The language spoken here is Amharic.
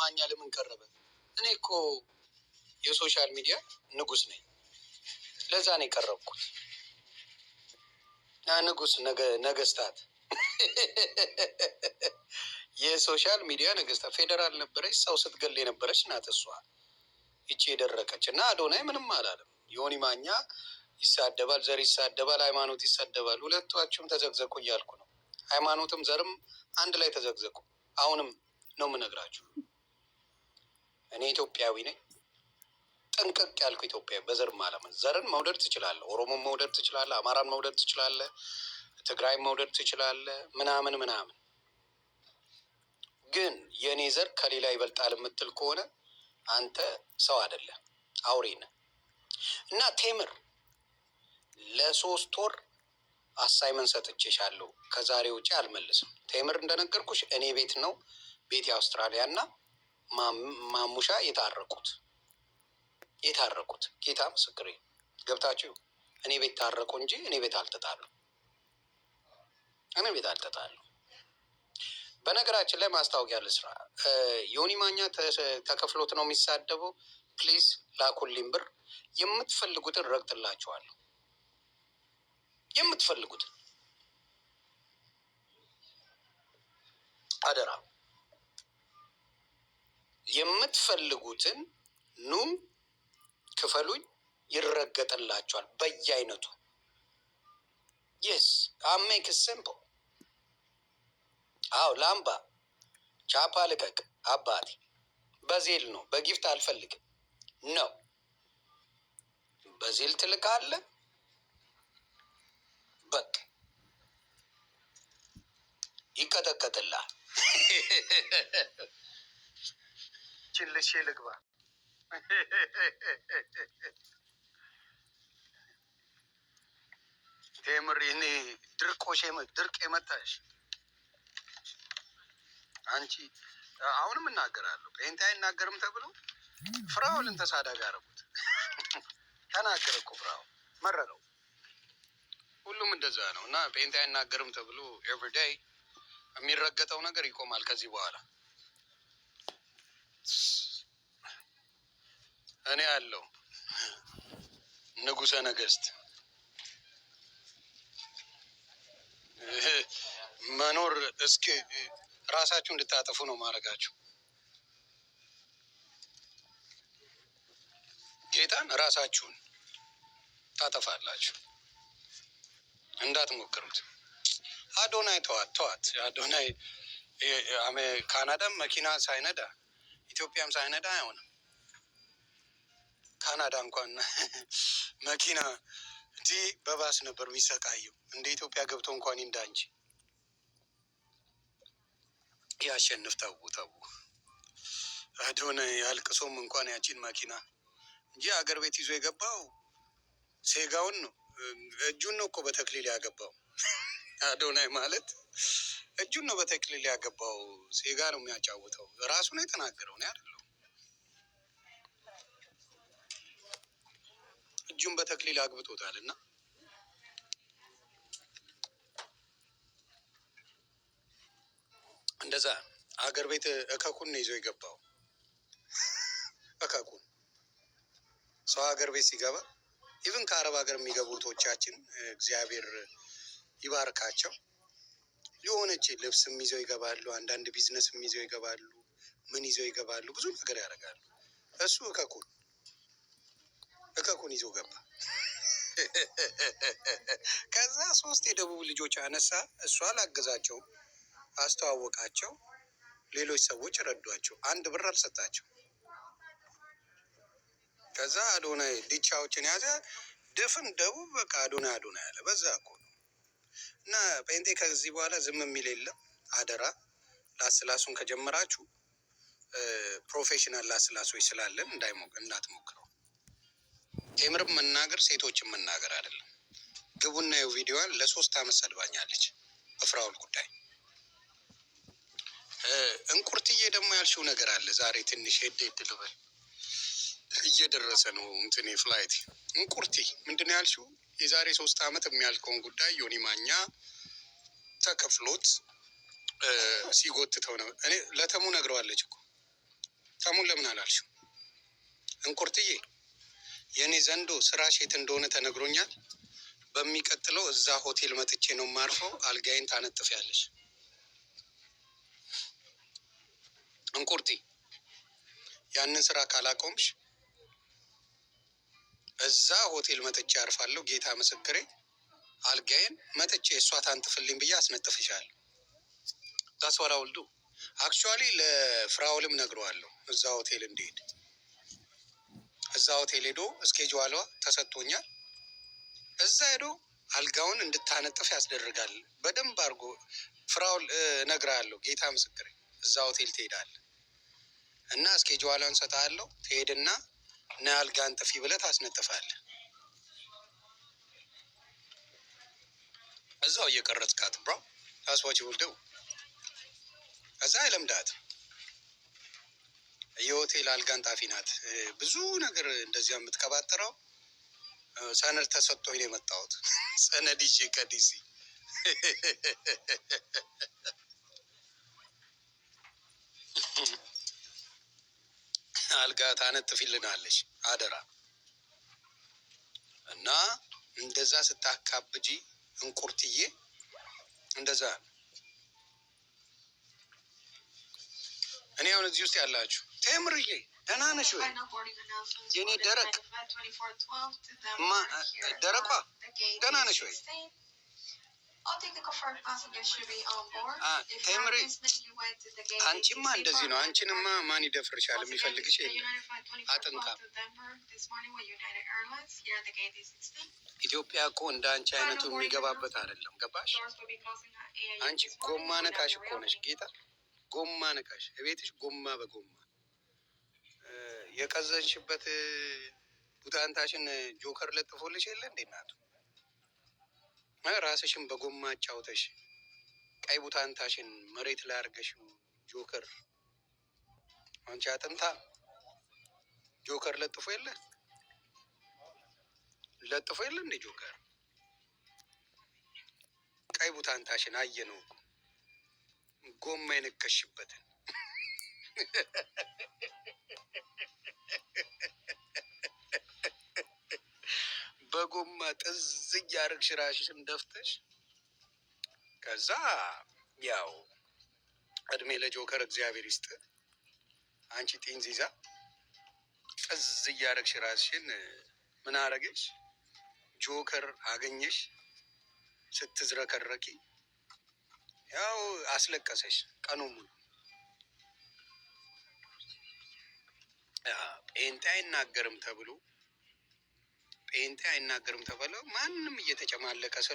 ማኛ ለምን ቀረበ? እኔ እኮ የሶሻል ሚዲያ ንጉስ ነኝ። ለዛ ነው የቀረብኩት። ና ንጉስ ነገስታት የሶሻል ሚዲያ ነገስታት ፌዴራል ነበረች። ሰው ስትገል የነበረች ናት እሷ ይቺ የደረቀች እና አዶናይ ምንም አላለም። ዮኒ ማኛ ይሳደባል፣ ዘር ይሳደባል፣ ሃይማኖት ይሳደባል። ሁለቷችሁም ተዘግዘቁ እያልኩ ነው። ሃይማኖትም ዘርም አንድ ላይ ተዘግዘቁ። አሁንም ነው የምነግራችሁ። እኔ ኢትዮጵያዊ ነኝ፣ ጥንቅቅ ያልኩ ኢትዮጵያዊ። በዘር ማለመን ዘርን መውደድ ትችላለህ፣ ኦሮሞን መውደድ ትችላለህ፣ አማራን መውደድ ትችላለህ፣ ትግራይን መውደድ ትችላለህ፣ ምናምን ምናምን። ግን የእኔ ዘር ከሌላ ይበልጣል የምትል ከሆነ አንተ ሰው አይደለም አውሬ ነህ። እና ቴምር ለሶስት ወር አሳይመንት ሰጥቼሻለሁ። ከዛሬ ውጭ አልመልስም። ቴምር እንደነገርኩሽ እኔ ቤት ነው ቤቴ አውስትራሊያ እና ማሙሻ የታረቁት የታረቁት ጌታ ምስክሬ ገብታችሁ እኔ ቤት ታረቁ እንጂ እኔ ቤት አልተጣሉ እኔ ቤት አልተጣሉ። በነገራችን ላይ ማስታወቂያ ልስራ። ዮኒ ማኛ ተከፍሎት ነው የሚሳደበው። ፕሊዝ ላኩልኝ ብር፣ የምትፈልጉትን ረግጥላችኋለሁ። የምትፈልጉትን አደራ የምትፈልጉትን ኑ ክፈሉኝ፣ ይረገጥላቸዋል በየአይነቱ። የስ አሜክ ሲምፕል። አዎ ላምባ ቻፓ ልቀቅ አባቴ። በዜል ነው በጊፍት አልፈልግም ነው። በዜል ትልቃለ በቅ ይቀጠቀጥላል። እችን ልሼ ልግባ። ቴምር እኔ ድርቆሽ ድርቅ የመጣሽ አንቺ አሁንም እናገራለሁ። ጴንጤ አይናገርም ተብሎ ፍራውልን ተሳዳቢ አደረጉት። ተናገረ እኮ ፍራው መረረው። ሁሉም እንደዛ ነው እና ጴንጤ አይናገርም ተብሎ ኤቭሪዳይ የሚረገጠው ነገር ይቆማል ከዚህ በኋላ። እኔ አለው ንጉሰ ነገስት መኖር እስኪ ራሳችሁ እንድታጠፉ ነው ማድረጋችሁ። ጌታን ራሳችሁን ታጠፋላችሁ። እንዳትሞክሩት። አዶናይ ተዋት ተዋት። አዶናይ ካናዳም መኪና ሳይነዳ ኢትዮጵያም ሳይነዳ አይሆንም። ካናዳ እንኳን መኪና እንዲ በባስ ነበር የሚሰቃየው እንደ ኢትዮጵያ ገብቶ እንኳን ይንዳ እንጂ ያሸንፍ። ተው ተው፣ አዶነ ያልቅሶም እንኳን ያቺን መኪና እንጂ አገር ቤት ይዞ የገባው ሴጋውን ነው እጁን ነው እኮ በተክሊል ያገባው። አዶናይ ማለት እጁን ነው በተክሊል ያገባው። ሴጋ ነው የሚያጫውተው። ራሱ ነው የተናገረው፣ ነው አይደለሁም። እጁን በተክሊል አግብቶታል እና እንደዛ አገር ቤት እከኩን ነው ይዞ የገባው። እከኩን ሰው ሀገር ቤት ሲገባ ኢቭን ከአረብ ሀገር የሚገቡ እግዚአብሔር ይባርካቸው። የሆነች ልብስም ይዘው ይገባሉ፣ አንዳንድ ቢዝነስም ይዘው ይገባሉ፣ ምን ይዘው ይገባሉ፣ ብዙ ነገር ያደርጋሉ። እሱ እከኩን እከኩን ይዞ ገባ። ከዛ ሶስት የደቡብ ልጆች አነሳ። እሱ አላገዛቸው፣ አስተዋወቃቸው። ሌሎች ሰዎች ረዷቸው። አንድ ብር አልሰጣቸው። ከዛ አዶና ዲቻዎችን ያዘ። ድፍን ደቡብ በቃ አዶና አዶና ያለ በዛ እኮ ነው። እና ጴንጤ ከዚህ በኋላ ዝም የሚል የለም። አደራ ላስላሱን ከጀመራችሁ ፕሮፌሽናል ላስላሶች ስላለን እንዳትሞክረው። የምርም መናገር ሴቶችን መናገር አይደለም። ግቡና የው ቪዲዮዋን ለሶስት አመት ሰድባኛለች በፍራውል ጉዳይ። እንቁርትዬ ደግሞ ያልሽው ነገር አለ ዛሬ ትንሽ ሄድ ሄድ ልበል እየደረሰ ነው። እንትኔ ፍላይት እንቁርቲ ምንድን ያልሽው? የዛሬ ሶስት አመት የሚያልከውን ጉዳይ ዮኒ ማኛ ተከፍሎት ሲጎትተው ነው። እኔ ለተሙ ነግረዋለች እኮ ተሙን ለምን አላልሽው? እንቁርትዬ የእኔ ዘንዶ ስራ ሼት እንደሆነ ተነግሮኛል። በሚቀጥለው እዛ ሆቴል መጥቼ ነው የማርፈው። አልጋይን ያለሽ እንቁርቲ ያንን ስራ ካላቆምሽ እዛ ሆቴል መጥቼ አርፋለሁ። ጌታ ምስክሬ አልጋዬን መጥቼ እሷ ታንጥፍልኝ ብዬ አስነጥፍሻል። ዛስዋላ ወልዱ አክቹዋሊ ለፍራውልም ነግረዋለሁ እዛ ሆቴል እንዲሄድ እዛ ሆቴል ሄዶ እስኬጅዋሏ ተሰጥቶኛል። እዛ ሄዶ አልጋውን እንድታነጥፍ ያስደርጋል። በደንብ አድርጎ ፍራውል እነግርሃለሁ። ጌታ ምስክሬ እዛ ሆቴል ትሄዳለህ እና እስኬጅዋሏን ሰጥሃለሁ። ትሄድና ና አልጋን ጥፊ ብለህ ታስነጥፋለህ። እዛው እየቀረጽካት ብራ ታስዋች ውልደው እዛ አይለምዳት የሆቴል አልጋን ጣፊ ናት። ብዙ ነገር እንደዚያ የምትቀባጥረው ሰነድ ተሰጥቶኝ ነው የመጣሁት። ሰነድ ይዤ ከዲሲ አልጋ ታነጥፊልናለች አደራ። እና እንደዛ ስታካብጂ እንቁርትዬ እንደዛ እኔ አሁን እዚህ ውስጥ ያላችሁ ቴምርዬ ደህና ነሽ ወይ? የእኔ ደረቅ ደረቋ ደህና ነሽ ወይ? ተምሪ ah, አንቺማ እንደዚህ ነው። አንቺንማ ማን ይደፍርሻል? የሚፈልግሽ የለም። አጥንታ ኢትዮጵያ እኮ እንደ አንቺ አይነቱ የሚገባበት አይደለም። ገባሽ? አንቺ ጎማ ነካሽ እኮ ነሽ ጌታ፣ ጎማ ነካሽ። እቤትሽ ጎማ በጎማ የቀዘንሽበት ቡታንታሽን ጆከር ለጥፎልሽ የለ እንዴ ናቱ ራስሽን በጎማ አጫውተሽ ቀይ ቡታንታሽን መሬት ላይ አድርገሽ ጆከር አንቺ አጥንታ ጆከር ለጥፎ የለ ለጥፎ የለ እንዴ ጆከር ቀይ ቡታንታሽን አየ አየነው ጎማ የነከሽበትን በጎማ ጥዝ ያርግ ራስሽን ደፍተሽ ከዛ ያው እድሜ ለጆከር እግዚአብሔር ይስጥ። አንቺ ይዛ ጥዝ እያደረግሽ ራስሽን ምን አረገሽ? ጆከር አገኘሽ ስትዝረከረኪ ያው አስለቀሰሽ ቀኑ ሙሉ። ጴንጤ አይናገርም ተብሎ ጴንጤ አይናገርም ተብለው ማንም እየተጨማለቀ ስለ